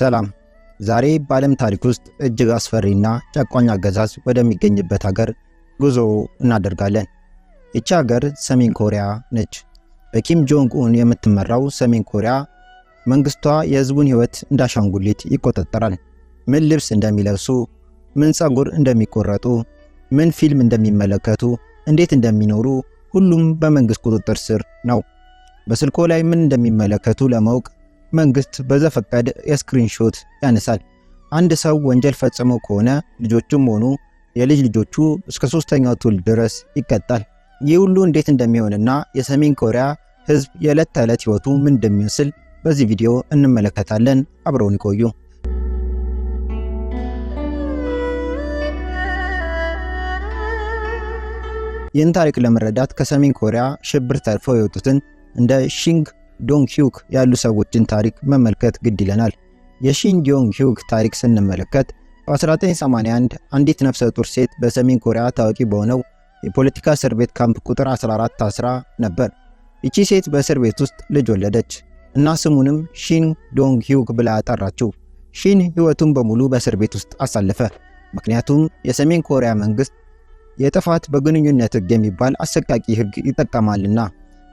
ሰላም። ዛሬ በዓለም ታሪክ ውስጥ እጅግ አስፈሪና ጨቋኝ አገዛዝ ወደሚገኝበት ሀገር ጉዞ እናደርጋለን። ይቺ ሀገር ሰሜን ኮሪያ ነች። በኪም ጆንግ ኡን የምትመራው ሰሜን ኮሪያ መንግስቷ የህዝቡን ህይወት እንዳሻንጉሊት ይቆጣጠራል። ምን ልብስ እንደሚለብሱ፣ ምን ጸጉር እንደሚቆረጡ፣ ምን ፊልም እንደሚመለከቱ፣ እንዴት እንደሚኖሩ ሁሉም በመንግስት ቁጥጥር ስር ነው። በስልኮ ላይ ምን እንደሚመለከቱ ለማወቅ መንግስት በዘፈቀድ የስክሪንሾት ያነሳል። አንድ ሰው ወንጀል ፈጽሞ ከሆነ ልጆቹም ሆኑ የልጅ ልጆቹ እስከ ሶስተኛው ትውልድ ድረስ ይቀጣል። ይህ ሁሉ እንዴት እንደሚሆንና የሰሜን ኮሪያ ህዝብ የዕለት ተዕለት ህይወቱ ምን እንደሚመስል በዚህ ቪዲዮ እንመለከታለን። አብረውን ይቆዩ። ይህን ታሪክ ለመረዳት ከሰሜን ኮሪያ ሽብር ተርፈው የወጡትን እንደ ሺንግ ሂዩክ ያሉ ሰዎችን ታሪክ መመልከት ግድ ይለናል። የሺን ሂዩክ ታሪክ ስንመለከት በ1981 አንዲት ነፍሰ ጡር ሴት በሰሜን ኮሪያ ታዋቂ በሆነው የፖለቲካ እስር ቤት ካምፕ ቁጥር 14 ታስራ ነበር። ይቺ ሴት በእስር ቤት ውስጥ ልጅ ወለደች እና ስሙንም ሺን ሂዩክ ብላ አጠራችው። ሺን ሕይወቱን በሙሉ በእስር ቤት ውስጥ አሳለፈ፣ ምክንያቱም የሰሜን ኮሪያ መንግስት የጥፋት በግንኙነት ሕግ የሚባል አሰቃቂ ሕግ ይጠቀማልና።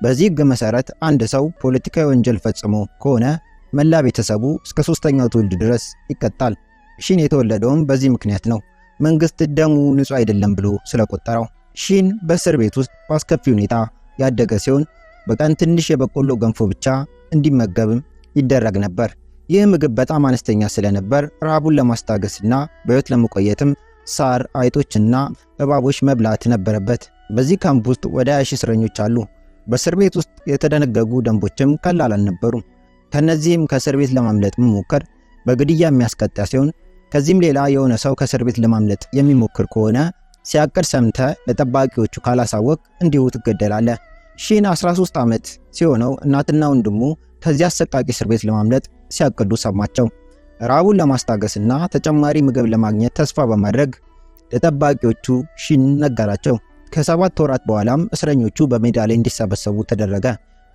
በዚህ ሕግ መሰረት አንድ ሰው ፖለቲካዊ ወንጀል ፈጽሞ ከሆነ መላ ቤተሰቡ እስከ ሶስተኛው ትውልድ ድረስ ይቀጣል። ሺን የተወለደውም በዚህ ምክንያት ነው፣ መንግስት ደሙ ንጹህ አይደለም ብሎ ስለቆጠረው። ሺን በእስር ቤት ውስጥ በአስከፊ ሁኔታ ያደገ ሲሆን በቀን ትንሽ የበቆሎ ገንፎ ብቻ እንዲመገብም ይደረግ ነበር። ይህ ምግብ በጣም አነስተኛ ስለነበር ረሃቡን ለማስታገስና በሕይወት ለመቆየትም ሳር፣ አይጦችና እባቦች መብላት ነበረበት። በዚህ ካምፕ ውስጥ ወደ 20 እስረኞች አሉ። በእስር ቤት ውስጥ የተደነገጉ ደንቦችም ቀላል አልነበሩም። ከነዚህም ከእስር ቤት ለማምለጥ መሞከር በግድያ የሚያስቀጣ ሲሆን ከዚህም ሌላ የሆነ ሰው ከእስር ቤት ለማምለጥ የሚሞክር ከሆነ ሲያቅድ ሰምተ ለጠባቂዎቹ ካላሳወቅ እንዲሁ ትገደላለ። ሺን 13 ዓመት ሲሆነው እናትና ወንድሙ ከዚህ አሰቃቂ እስር ቤት ለማምለጥ ሲያቅዱ ሰማቸው። ራቡን ለማስታገስና ተጨማሪ ምግብ ለማግኘት ተስፋ በማድረግ ለጠባቂዎቹ ሺን ነገራቸው። ከሰባት ወራት በኋላም እስረኞቹ በሜዳ ላይ እንዲሰበሰቡ ተደረገ።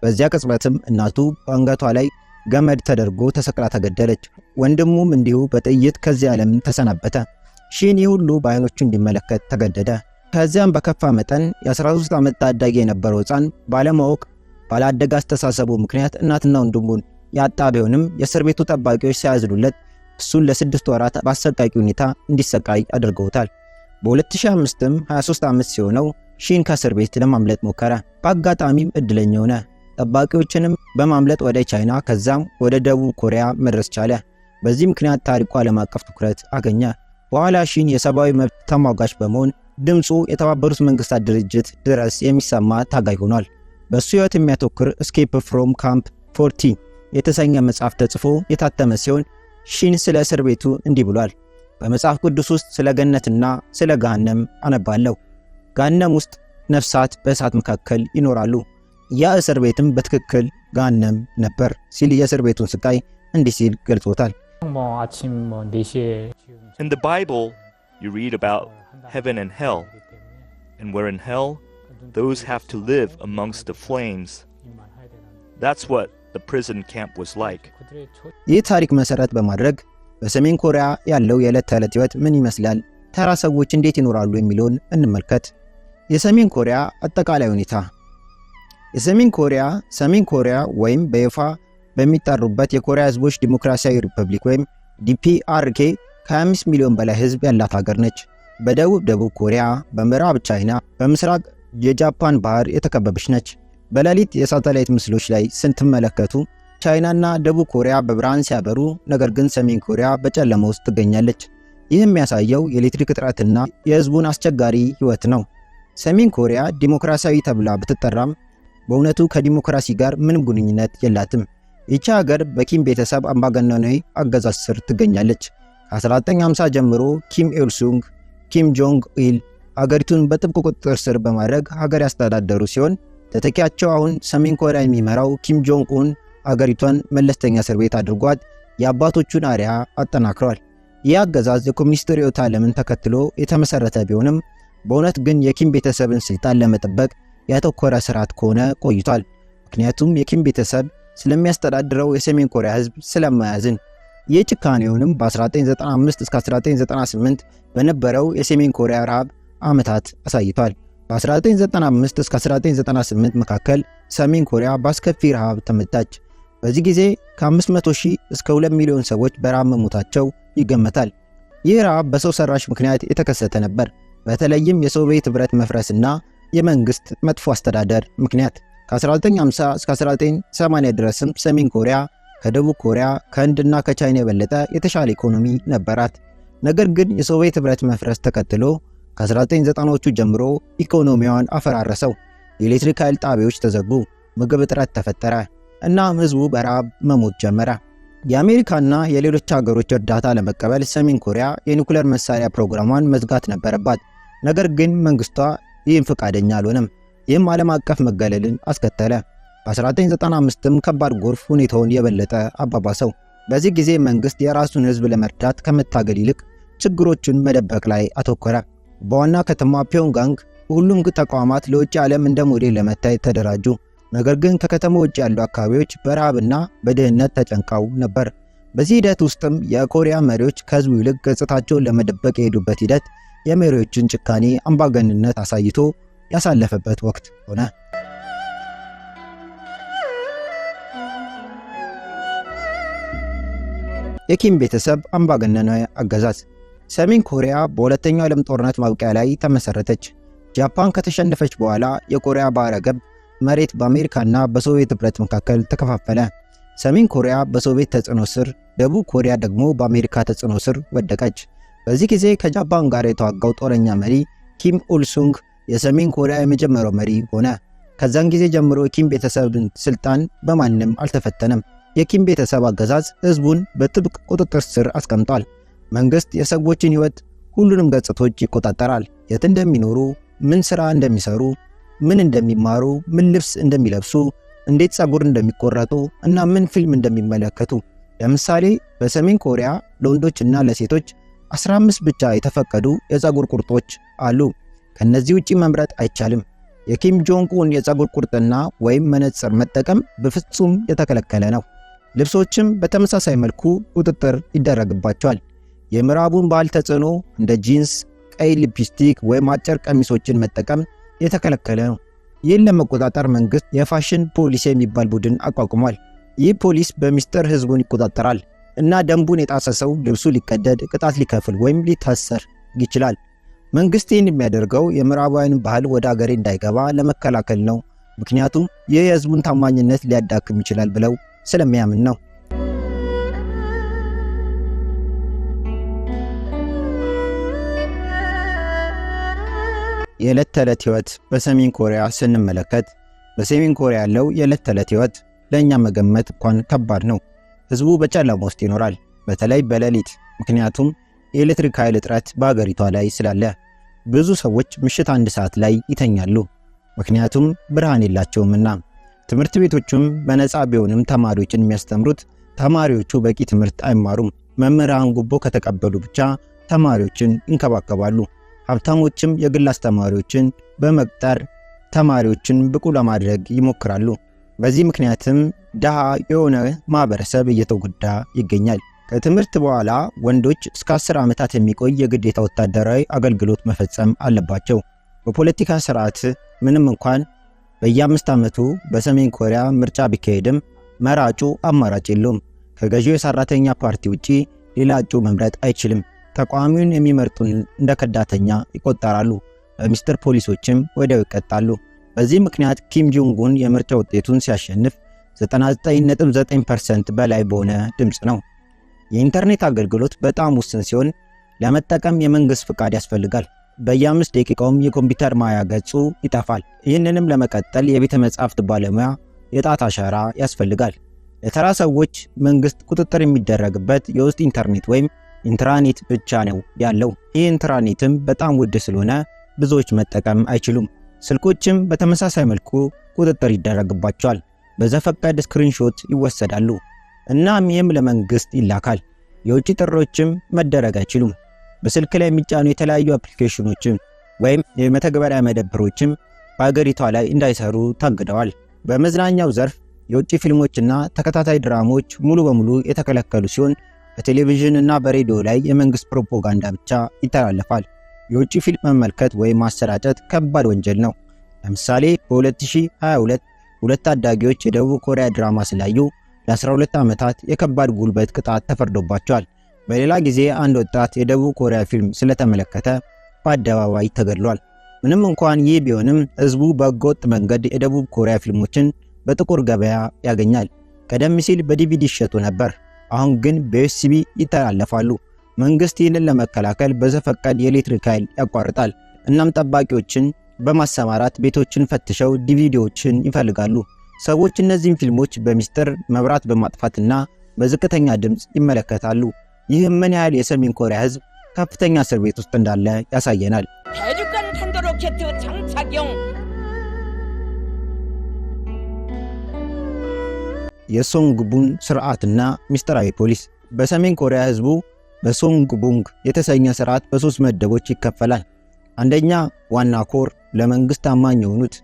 በዚያ ቅጽበትም እናቱ በአንገቷ ላይ ገመድ ተደርጎ ተሰቅላ ተገደለች። ወንድሙም እንዲሁ በጥይት ከዚህ ዓለም ተሰናበተ። ሺኒ ሁሉ በአይኖቹ እንዲመለከት ተገደደ። ከዚያም በከፋ መጠን የ13 ዓመት ታዳጊ የነበረው ሕፃን ባለማወቅ ባላደገ አስተሳሰቡ ምክንያት እናትና ወንድሙን ያጣ ቢሆንም የእስር ቤቱ ጠባቂዎች ሲያዝኑለት እሱን ለስድስት ወራት በአሰቃቂ ሁኔታ እንዲሰቃይ አድርገውታል። በ2005ም 23 ዓመት ሲሆነው ሺን ከእስር ቤት ለማምለጥ ሞከረ። በአጋጣሚም እድለኛ ሆነ። ጠባቂዎችንም በማምለጥ ወደ ቻይና ከዛም ወደ ደቡብ ኮሪያ መድረስ ቻለ። በዚህ ምክንያት ታሪኩ ዓለም አቀፍ ትኩረት አገኘ። በኋላ ሺን የሰብአዊ መብት ተሟጋች በመሆን ድምፁ የተባበሩት መንግስታት ድርጅት ድረስ የሚሰማ ታጋይ ሆኗል። በእሱ ህይወት የሚያተኩር ስኬፕ ፍሮም ካምፕ 14 የተሰኘ መጽሐፍ ተጽፎ የታተመ ሲሆን ሺን ስለ እስር ቤቱ እንዲህ ብሏል። በመጽሐፍ ቅዱስ ውስጥ ስለ ገነትና ስለ ጋነም አነባለሁ። ጋነም ውስጥ ነፍሳት በእሳት መካከል ይኖራሉ። ያ እስር ቤትም በትክክል ጋነም ነበር ሲል የእስር ቤቱን ስቃይ እንዲህ ሲል ገልጾታል። ይህ ታሪክ መሠረት በማድረግ በሰሜን ኮሪያ ያለው የዕለት ተዕለት ሕይወት ምን ይመስላል፣ ተራ ሰዎች እንዴት ይኖራሉ የሚለውን እንመልከት። የሰሜን ኮሪያ አጠቃላይ ሁኔታ የሰሜን ኮሪያ ሰሜን ኮሪያ ወይም በይፋ በሚጠሩበት የኮሪያ ህዝቦች ዲሞክራሲያዊ ሪፐብሊክ ወይም ዲፒአርኬ ከ25 ሚሊዮን በላይ ህዝብ ያላት ሀገር ነች። በደቡብ ደቡብ ኮሪያ፣ በምዕራብ ቻይና፣ በምስራቅ የጃፓን ባህር የተከበበች ነች። በሌሊት የሳተላይት ምስሎች ላይ ስትመለከቱ ቻይናና ደቡብ ኮሪያ በብርሃን ሲያበሩ፣ ነገር ግን ሰሜን ኮሪያ በጨለማ ውስጥ ትገኛለች። ይህ የሚያሳየው የኤሌክትሪክ እጥረትና የህዝቡን አስቸጋሪ ህይወት ነው። ሰሜን ኮሪያ ዲሞክራሲያዊ ተብላ ብትጠራም በእውነቱ ከዲሞክራሲ ጋር ምንም ግንኙነት የላትም። ይቺ ሀገር በኪም ቤተሰብ አምባገነናዊ አገዛዝ ስር ትገኛለች። ከ1950 ጀምሮ ኪም ኤልሱንግ፣ ኪም ጆንግ ኢል ሀገሪቱን በጥብቅ ቁጥጥር ስር በማድረግ ሀገር ያስተዳደሩ ሲሆን ተተኪያቸው አሁን ሰሜን ኮሪያ የሚመራው ኪም ጆንግ ኡን አገሪቷን መለስተኛ እስር ቤት አድርጓት የአባቶቹን አርያ አጠናክሯል። ይህ አገዛዝ የኮሚኒስት ርዕዮተ ዓለምን ተከትሎ የተመሰረተ ቢሆንም በእውነት ግን የኪም ቤተሰብን ስልጣን ለመጠበቅ ያተኮረ ስርዓት ከሆነ ቆይቷል። ምክንያቱም የኪም ቤተሰብ ስለሚያስተዳድረው የሰሜን ኮሪያ ህዝብ ስለማያዝን። ይህ ጭካኔውንም በ1995 እስከ 1998 በነበረው የሰሜን ኮሪያ ረሃብ ዓመታት አሳይቷል። በ1995 እስከ 1998 መካከል ሰሜን ኮሪያ በአስከፊ ረሃብ ተመታች። በዚህ ጊዜ ከ500 ሺህ እስከ 2 ሚሊዮን ሰዎች በረሃብ መሞታቸው ይገመታል። ይህ ረሃብ በሰው ሰራሽ ምክንያት የተከሰተ ነበር፣ በተለይም የሶቪየት ኅብረት መፍረስና የመንግሥት መጥፎ አስተዳደር ምክንያት። ከ1950 እስከ 1980 ድረስም ሰሜን ኮሪያ ከደቡብ ኮሪያ ከህንድና ከቻይና የበለጠ የተሻለ ኢኮኖሚ ነበራት። ነገር ግን የሶቪየት ኅብረት መፍረስ ተከትሎ ከ1990ዎቹ ጀምሮ ኢኮኖሚዋን አፈራረሰው። የኤሌክትሪክ ኃይል ጣቢያዎች ተዘጉ፣ ምግብ እጥረት ተፈጠረ። እናም ህዝቡ በረሃብ መሞት ጀመረ። የአሜሪካና የሌሎች ሀገሮች እርዳታ ለመቀበል ሰሜን ኮሪያ የኒኩሌር መሳሪያ ፕሮግራሟን መዝጋት ነበረባት። ነገር ግን መንግስቷ ይህም ፈቃደኛ አልሆነም። ይህም ዓለም አቀፍ መገለልን አስከተለ። በ1995ም ከባድ ጎርፍ ሁኔታውን የበለጠ አባባሰው። በዚህ ጊዜ መንግስት የራሱን ህዝብ ለመርዳት ከመታገል ይልቅ ችግሮቹን መደበቅ ላይ አተኮረ። በዋና ከተማ ፒዮንጋንግ ሁሉም ተቋማት ለውጭ ዓለም እንደ ሞዴል ለመታየት ተደራጁ። ነገር ግን ከከተማ ውጭ ያሉ አካባቢዎች በረሃብና በድህነት ተጨንቀው ነበር። በዚህ ሂደት ውስጥም የኮሪያ መሪዎች ከህዝቡ ይልቅ ገጽታቸውን ለመደበቅ የሄዱበት ሂደት የመሪዎችን ጭካኔ አምባገንነት አሳይቶ ያሳለፈበት ወቅት ሆነ። የኪም ቤተሰብ አምባገነናዊ አገዛዝ። ሰሜን ኮሪያ በሁለተኛው ዓለም ጦርነት ማብቂያ ላይ ተመሰረተች። ጃፓን ከተሸነፈች በኋላ የኮሪያ ባህረ ገብ መሬት በአሜሪካና በሶቪየት ኅብረት መካከል ተከፋፈለ። ሰሜን ኮሪያ በሶቪየት ተጽዕኖ ስር፣ ደቡብ ኮሪያ ደግሞ በአሜሪካ ተጽዕኖ ስር ወደቀች። በዚህ ጊዜ ከጃፓን ጋር የተዋጋው ጦረኛ መሪ ኪም ኡልሱንግ የሰሜን ኮሪያ የመጀመሪያው መሪ ሆነ። ከዛን ጊዜ ጀምሮ የኪም ቤተሰብን ስልጣን በማንም አልተፈተነም። የኪም ቤተሰብ አገዛዝ ህዝቡን በጥብቅ ቁጥጥር ስር አስቀምጧል። መንግስት የሰዎችን ህይወት ሁሉንም ገጽቶች ይቆጣጠራል። የት እንደሚኖሩ፣ ምን ሥራ እንደሚሰሩ፣ ምን እንደሚማሩ፣ ምን ልብስ እንደሚለብሱ፣ እንዴት ጸጉር እንደሚቆረጡ እና ምን ፊልም እንደሚመለከቱ። ለምሳሌ በሰሜን ኮሪያ ለወንዶች እና ለሴቶች 15 ብቻ የተፈቀዱ የጸጉር ቁርጦች አሉ። ከነዚህ ውጪ መምረጥ አይቻልም። የኪም ጆንግ ኡን የጸጉር ቁርጥና ወይም መነጽር መጠቀም በፍጹም የተከለከለ ነው። ልብሶችም በተመሳሳይ መልኩ ቁጥጥር ይደረግባቸዋል። የምዕራቡን ባህል ተጽዕኖ እንደ ጂንስ፣ ቀይ ሊፕስቲክ ወይም አጭር ቀሚሶችን መጠቀም የተከለከለ ነው። ይህን ለመቆጣጠር መንግስት የፋሽን ፖሊስ የሚባል ቡድን አቋቁሟል። ይህ ፖሊስ በሚስጥር ህዝቡን ይቆጣጠራል እና ደንቡን የጣሰ ሰው ልብሱ ሊቀደድ፣ ቅጣት ሊከፍል ወይም ሊታሰር ይችላል። መንግስት ይህን የሚያደርገው የምዕራባውያን ባህል ወደ አገሬ እንዳይገባ ለመከላከል ነው፣ ምክንያቱም ይህ የህዝቡን ታማኝነት ሊያዳክም ይችላል ብለው ስለሚያምን ነው። የዕለት ተዕለት ሕይወት በሰሜን ኮሪያ ስንመለከት በሰሜን ኮሪያ ያለው የዕለት ተዕለት ህይወት ለእኛ መገመት እንኳን ከባድ ነው። ህዝቡ በጨለማ ውስጥ ይኖራል፣ በተለይ በሌሊት ምክንያቱም የኤሌክትሪክ ኃይል እጥረት በአገሪቷ ላይ ስላለ ብዙ ሰዎች ምሽት አንድ ሰዓት ላይ ይተኛሉ፣ ምክንያቱም ብርሃን የላቸውምና። ትምህርት ቤቶቹም በነፃ ቢሆንም ተማሪዎችን የሚያስተምሩት ተማሪዎቹ በቂ ትምህርት አይማሩም። መምህራን ጉቦ ከተቀበሉ ብቻ ተማሪዎችን ይንከባከባሉ። ሀብታሞችም የግል አስተማሪዎችን በመቅጠር ተማሪዎችን ብቁ ለማድረግ ይሞክራሉ። በዚህ ምክንያትም ድሃ የሆነ ማህበረሰብ እየተጎዳ ይገኛል። ከትምህርት በኋላ ወንዶች እስከ 10 ዓመታት የሚቆይ የግዴታ ወታደራዊ አገልግሎት መፈጸም አለባቸው። በፖለቲካ ስርዓት ምንም እንኳን በየአምስት ዓመቱ በሰሜን ኮሪያ ምርጫ ቢካሄድም መራጩ አማራጭ የለውም። ከገዢው የሰራተኛ ፓርቲ ውጪ ሌላ እጩ መምረጥ አይችልም። ተቃዋሚውን የሚመርጡን እንደ ከዳተኛ ይቆጠራሉ። በሚስጥር ፖሊሶችም ወዲያው ይቀጣሉ። በዚህ ምክንያት ኪም ጆንጉን የምርጫ ውጤቱን ሲያሸንፍ 99.9% በላይ በሆነ ድምፅ ነው። የኢንተርኔት አገልግሎት በጣም ውስን ሲሆን ለመጠቀም የመንግስት ፍቃድ ያስፈልጋል። በየአምስት ደቂቃውም የኮምፒውተር ማያ ገጹ ይጠፋል። ይህንንም ለመቀጠል የቤተ መጻሕፍት ባለሙያ የጣት አሻራ ያስፈልጋል። ለተራ ሰዎች መንግስት ቁጥጥር የሚደረግበት የውስጥ ኢንተርኔት ወይም ኢንትራኔት ብቻ ነው ያለው። ይህ ኢንትራኔትም በጣም ውድ ስለሆነ ብዙዎች መጠቀም አይችሉም። ስልኮችም በተመሳሳይ መልኩ ቁጥጥር ይደረግባቸዋል። በዘፈቀድ ስክሪንሾት ይወሰዳሉ። እናም ይህም ለመንግስት ይላካል። የውጭ ጥሪዎችም መደረግ አይችሉም። በስልክ ላይ የሚጫኑ የተለያዩ አፕሊኬሽኖችም ወይም የመተግበሪያ መደብሮችም በአገሪቷ ላይ እንዳይሰሩ ታግደዋል። በመዝናኛው ዘርፍ የውጭ ፊልሞችና ተከታታይ ድራሞች ሙሉ በሙሉ የተከለከሉ ሲሆን በቴሌቪዥን እና በሬዲዮ ላይ የመንግስት ፕሮፓጋንዳ ብቻ ይተላለፋል። የውጭ ፊልም መመልከት ወይም ማሰራጨት ከባድ ወንጀል ነው። ለምሳሌ በ2022 ሁለት ታዳጊዎች የደቡብ ኮሪያ ድራማ ስላዩ ለ12 ዓመታት የከባድ ጉልበት ቅጣት ተፈርዶባቸዋል። በሌላ ጊዜ አንድ ወጣት የደቡብ ኮሪያ ፊልም ስለተመለከተ በአደባባይ ተገድሏል። ምንም እንኳን ይህ ቢሆንም ህዝቡ በህገወጥ መንገድ የደቡብ ኮሪያ ፊልሞችን በጥቁር ገበያ ያገኛል። ቀደም ሲል በዲቪዲ ይሸጡ ነበር። አሁን ግን በዩኤስቢ ይተላለፋሉ። መንግስት ይህንን ለመከላከል በዘፈቀድ የኤሌክትሪክ ኃይል ያቋርጣል። እናም ጠባቂዎችን በማሰማራት ቤቶችን ፈትሸው ዲቪዲዎችን ይፈልጋሉ። ሰዎች እነዚህን ፊልሞች በሚስጥር መብራት በማጥፋትና በዝቅተኛ ድምፅ ይመለከታሉ። ይህም ምን ያህል የሰሜን ኮሪያ ሕዝብ ከፍተኛ እስር ቤት ውስጥ እንዳለ ያሳየናል። የሶንግ ቡንግ ስርዓትና ምስጢራዊ ፖሊስ። በሰሜን ኮሪያ ህዝቡ በሶንግ ቡንግ የተሰኘ ስርዓት በሶስት መደቦች ይከፈላል። አንደኛ ዋና ኮር፣ ለመንግስት ታማኝ የሆኑት፣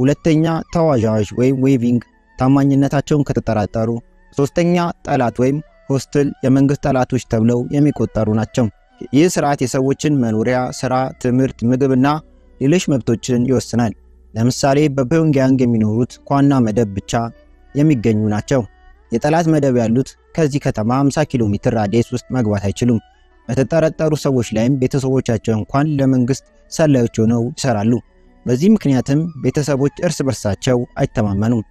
ሁለተኛ ተዋዣዎች ወይም ዌቪንግ፣ ታማኝነታቸውን ከተጠራጠሩ፣ ሶስተኛ ጠላት ወይም ሆስትል፣ የመንግስት ጠላቶች ተብለው የሚቆጠሩ ናቸው። ይህ ስርዓት የሰዎችን መኖሪያ፣ ስራ፣ ትምህርት፣ ምግብና ሌሎች መብቶችን ይወስናል። ለምሳሌ በፒዮንግያንግ የሚኖሩት ከዋና መደብ ብቻ የሚገኙ ናቸው። የጠላት መደብ ያሉት ከዚህ ከተማ 50 ኪሎ ሜትር ራዲየስ ውስጥ መግባት አይችሉም። በተጠረጠሩ ሰዎች ላይም ቤተሰቦቻቸው እንኳን ለመንግስት ሰላዮች ሆነው ይሰራሉ። በዚህ ምክንያትም ቤተሰቦች እርስ በርሳቸው አይተማመኑም።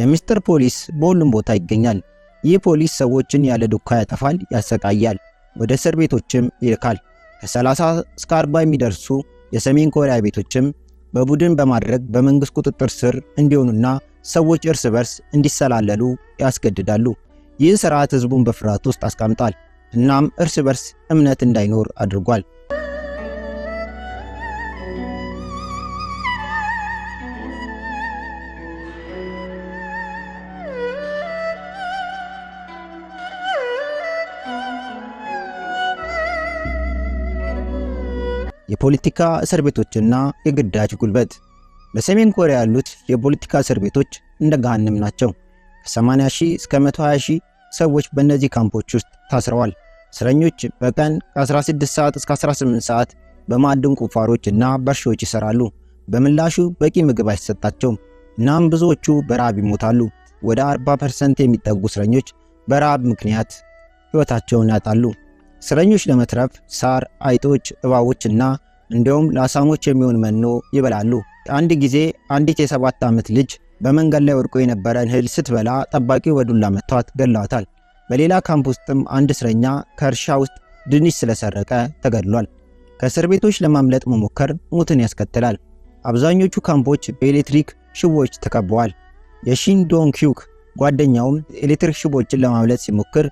የሚስጥር ፖሊስ በሁሉም ቦታ ይገኛል። ይህ ፖሊስ ሰዎችን ያለ ዱካ ያጠፋል፣ ያሰቃያል፣ ወደ እስር ቤቶችም ይልካል። ከ30 እስከ 40 የሚደርሱ የሰሜን ኮሪያ ቤቶችም በቡድን በማድረግ በመንግስት ቁጥጥር ስር እንዲሆኑና ሰዎች እርስ በርስ እንዲሰላለሉ ያስገድዳሉ። ይህ ስርዓት ህዝቡን በፍርሃት ውስጥ አስቀምጧል፣ እናም እርስ በርስ እምነት እንዳይኖር አድርጓል። የፖለቲካ እስር ቤቶችና የግዳጅ ጉልበት በሰሜን ኮሪያ ያሉት የፖለቲካ እስር ቤቶች እንደ ጋንም ናቸው። ከ80 ሺህ እስከ 120 ሺህ ሰዎች በእነዚህ ካምፖች ውስጥ ታስረዋል። እስረኞች በቀን ከ16 ሰዓት እስከ 18 ሰዓት በማዕድን ቁፋሮች እና በእርሻዎች ይሰራሉ። በምላሹ በቂ ምግብ አይሰጣቸውም። እናም ብዙዎቹ በረሃብ ይሞታሉ። ወደ 40% የሚጠጉ እስረኞች በረሃብ ምክንያት ሕይወታቸውን ያጣሉ። እስረኞች ለመትረፍ ሳር፣ አይጦች፣ እባቦች እና እንዲሁም ለአሳሞች የሚሆን መኖ ይበላሉ። አንድ ጊዜ አንዲት የሰባት ዓመት ልጅ በመንገድ ላይ ወድቆ የነበረን እህል ስትበላ ጠባቂው በዱላ መቷት ገላታል። በሌላ ካምፕ ውስጥም አንድ እስረኛ ከእርሻ ውስጥ ድንች ስለሰረቀ ተገድሏል። ከእስር ቤቶች ለማምለጥ መሞከር ሞትን ያስከትላል። አብዛኞቹ ካምፖች በኤሌክትሪክ ሽቦዎች ተከበዋል። የሺን ጓደኛውም ኤሌክትሪክ ሽቦችን ለማምለጥ ሲሞክር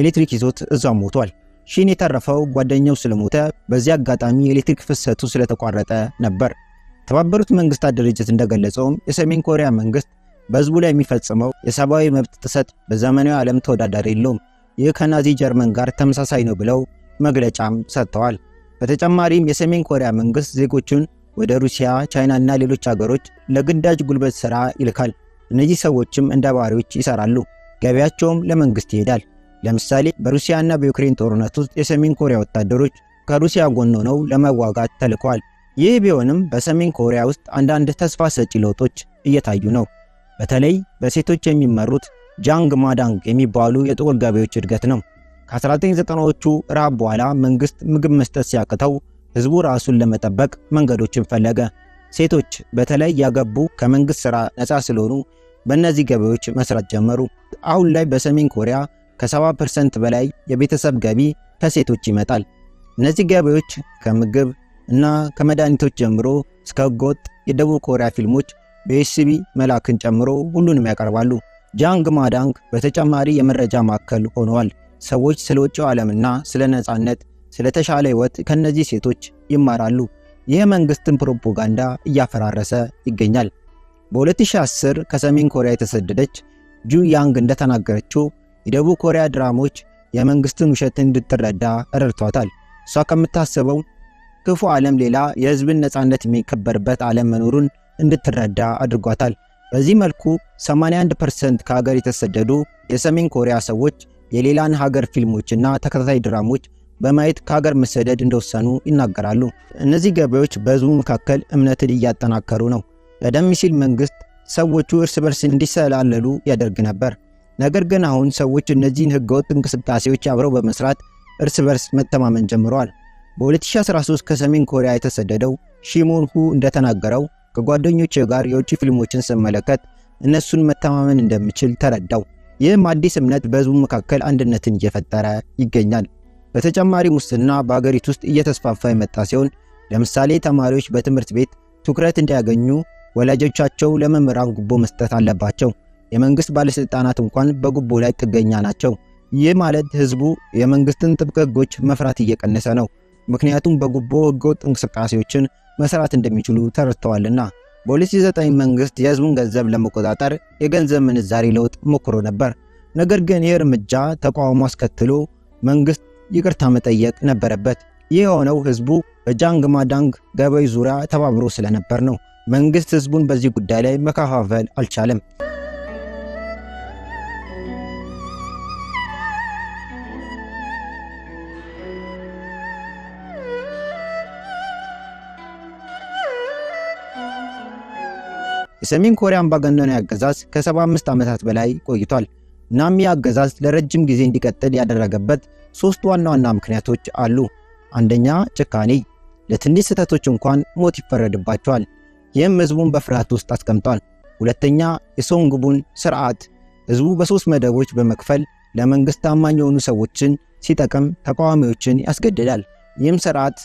ኤሌክትሪክ ይዞት እዛው ሞቷል። ሺን የተረፈው ጓደኛው ስለሞተ በዚህ አጋጣሚ የኤሌክትሪክ ፍሰቱ ስለተቋረጠ ነበር። የተባበሩት መንግስታት ድርጅት እንደገለጸውም የሰሜን ኮሪያ መንግስት በህዝቡ ላይ የሚፈጽመው የሰብአዊ መብት ጥሰት በዘመናዊ ዓለም ተወዳዳሪ የለውም፣ ይህ ከናዚ ጀርመን ጋር ተመሳሳይ ነው ብለው መግለጫም ሰጥተዋል። በተጨማሪም የሰሜን ኮሪያ መንግስት ዜጎቹን ወደ ሩሲያ፣ ቻይና እና ሌሎች አገሮች ለግዳጅ ጉልበት ሥራ ይልካል። እነዚህ ሰዎችም እንደ ባሪዎች ይሰራሉ፣ ገቢያቸውም ለመንግስት ይሄዳል። ለምሳሌ በሩሲያና በዩክሬን ጦርነት ውስጥ የሰሜን ኮሪያ ወታደሮች ከሩሲያ ጎን ሆነው ለመዋጋት ተልከዋል። ይህ ቢሆንም በሰሜን ኮሪያ ውስጥ አንዳንድ ተስፋ ሰጪ ለውጦች እየታዩ ነው። በተለይ በሴቶች የሚመሩት ጃንግ ማዳንግ የሚባሉ የጥቁር ገበሬዎች እድገት ነው። ከ1990ዎቹ ራብ በኋላ መንግስት ምግብ መስጠት ሲያቅተው ህዝቡ ራሱን ለመጠበቅ መንገዶችን ፈለገ። ሴቶች በተለይ ያገቡ ከመንግስት ሥራ ነፃ ስለሆኑ በእነዚህ ገበያዎች መስራት ጀመሩ። አሁን ላይ በሰሜን ኮሪያ ከ70 በላይ የቤተሰብ ገቢ ከሴቶች ይመጣል። እነዚህ ገበሬዎች ከምግብ እና ከመድኃኒቶች ጀምሮ እስከ ህገወጥ የደቡብ ኮሪያ ፊልሞች በኤስቢ መላክን ጨምሮ ሁሉንም ያቀርባሉ። ጃንግ ማዳንግ በተጨማሪ የመረጃ ማዕከል ሆነዋል። ሰዎች ስለ ውጭው ዓለምና ስለ ነፃነት፣ ስለተሻለ ህይወት ከእነዚህ ሴቶች ይማራሉ። ይህ መንግስትን ፕሮፓጋንዳ እያፈራረሰ ይገኛል። በ2010 ከሰሜን ኮሪያ የተሰደደች ጁ ያንግ እንደተናገረችው የደቡብ ኮሪያ ድራሞች የመንግስትን ውሸት እንድትረዳ ረድቷታል። እሷ ከምታስበው ክፉ ዓለም ሌላ የህዝብን ነፃነት የሚከበርበት ዓለም መኖሩን እንድትረዳ አድርጓታል። በዚህ መልኩ 81 ፐርሰንት ከሀገር የተሰደዱ የሰሜን ኮሪያ ሰዎች የሌላን ሀገር ፊልሞችና ተከታታይ ድራሞች በማየት ከሀገር መሰደድ እንደወሰኑ ይናገራሉ። እነዚህ ገበያዎች በህዝቡ መካከል እምነትን እያጠናከሩ ነው። ቀደም ሲል መንግስት ሰዎቹ እርስ በርስ እንዲሰላለሉ ያደርግ ነበር። ነገር ግን አሁን ሰዎች እነዚህን ህገወጥ እንቅስቃሴዎች አብረው በመስራት እርስ በርስ መተማመን ጀምረዋል። በ2013 ከሰሜን ኮሪያ የተሰደደው ሺሞንሁ እንደተናገረው ከጓደኞቼ ጋር የውጭ ፊልሞችን ስመለከት እነሱን መተማመን እንደምችል ተረዳው። ይህም አዲስ እምነት በህዝቡ መካከል አንድነትን እየፈጠረ ይገኛል። በተጨማሪ ሙስና በአገሪቱ ውስጥ እየተስፋፋ የመጣ ሲሆን ለምሳሌ ተማሪዎች በትምህርት ቤት ትኩረት እንዲያገኙ ወላጆቻቸው ለመምህራን ጉቦ መስጠት አለባቸው። የመንግስት ባለሥልጣናት እንኳን በጉቦ ላይ ጥገኛ ናቸው። ይህ ማለት ህዝቡ የመንግስትን ጥብቅ ህጎች መፍራት እየቀነሰ ነው። ምክንያቱም በጉቦ ህገወጥ እንቅስቃሴዎችን መስራት እንደሚችሉ ተረድተዋልና። በ2009 መንግስት የህዝቡን ገንዘብ ለመቆጣጠር የገንዘብ ምንዛሪ ለውጥ ሞክሮ ነበር። ነገር ግን ይህ እርምጃ ተቃውሞ አስከትሎ መንግስት ይቅርታ መጠየቅ ነበረበት። ይህ የሆነው ህዝቡ በጃንግ ማዳንግ ገበይ ዙሪያ ተባብሮ ስለነበር ነው። መንግስት ህዝቡን በዚህ ጉዳይ ላይ መከፋፈል አልቻለም። የሰሜን ኮሪያ አምባገነን አገዛዝ ከ75 ዓመታት በላይ ቆይቷል። እናም ይህ አገዛዝ ለረጅም ጊዜ እንዲቀጥል ያደረገበት ሶስት ዋና ዋና ምክንያቶች አሉ። አንደኛ፣ ጭካኔ። ለትንሽ ስህተቶች እንኳን ሞት ይፈረድባቸዋል። ይህም ህዝቡን በፍርሃት ውስጥ አስቀምጧል። ሁለተኛ፣ የሶንግቡን ስርዓት ህዝቡ በሶስት መደቦች በመክፈል ለመንግስት ታማኝ የሆኑ ሰዎችን ሲጠቅም ተቃዋሚዎችን ያስገድዳል። ይህም ስርዓት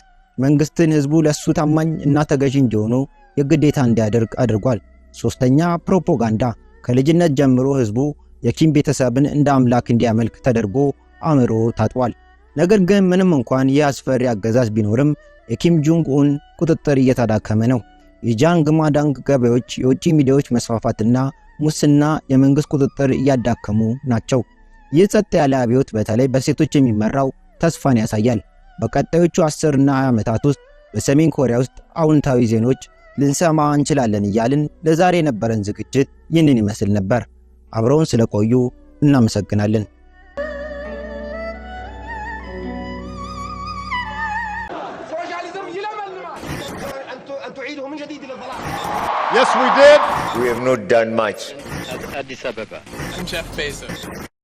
መንግስትን ህዝቡ ለእሱ ታማኝ እና ተገዢ እንዲሆኑ የግዴታ እንዲያደርግ አድርጓል። ሶስተኛ ፕሮፖጋንዳ ከልጅነት ጀምሮ ህዝቡ የኪም ቤተሰብን እንደ አምላክ እንዲያመልክ ተደርጎ አእምሮ ታጥቧል። ነገር ግን ምንም እንኳን ይህ አስፈሪ አገዛዝ ቢኖርም የኪም ጆንግ ኡን ቁጥጥር እየተዳከመ ነው። የጃንግ ማዳንግ ገበያዎች፣ የውጭ ሚዲያዎች መስፋፋትና ሙስና የመንግሥት ቁጥጥር እያዳከሙ ናቸው። ይህ ጸጥ ያለ አብዮት በተለይ በሴቶች የሚመራው ተስፋን ያሳያል። በቀጣዮቹ 10 እና 20 ዓመታት ውስጥ በሰሜን ኮሪያ ውስጥ አውንታዊ ዜኖች ልንሰማ እንችላለን እያልን ለዛሬ የነበረን ዝግጅት ይህንን ይመስል ነበር። አብረውን ስለቆዩ እናመሰግናለን። Yes, we did. We have not done much. Addis Ababa. I'm Jeff Bezos.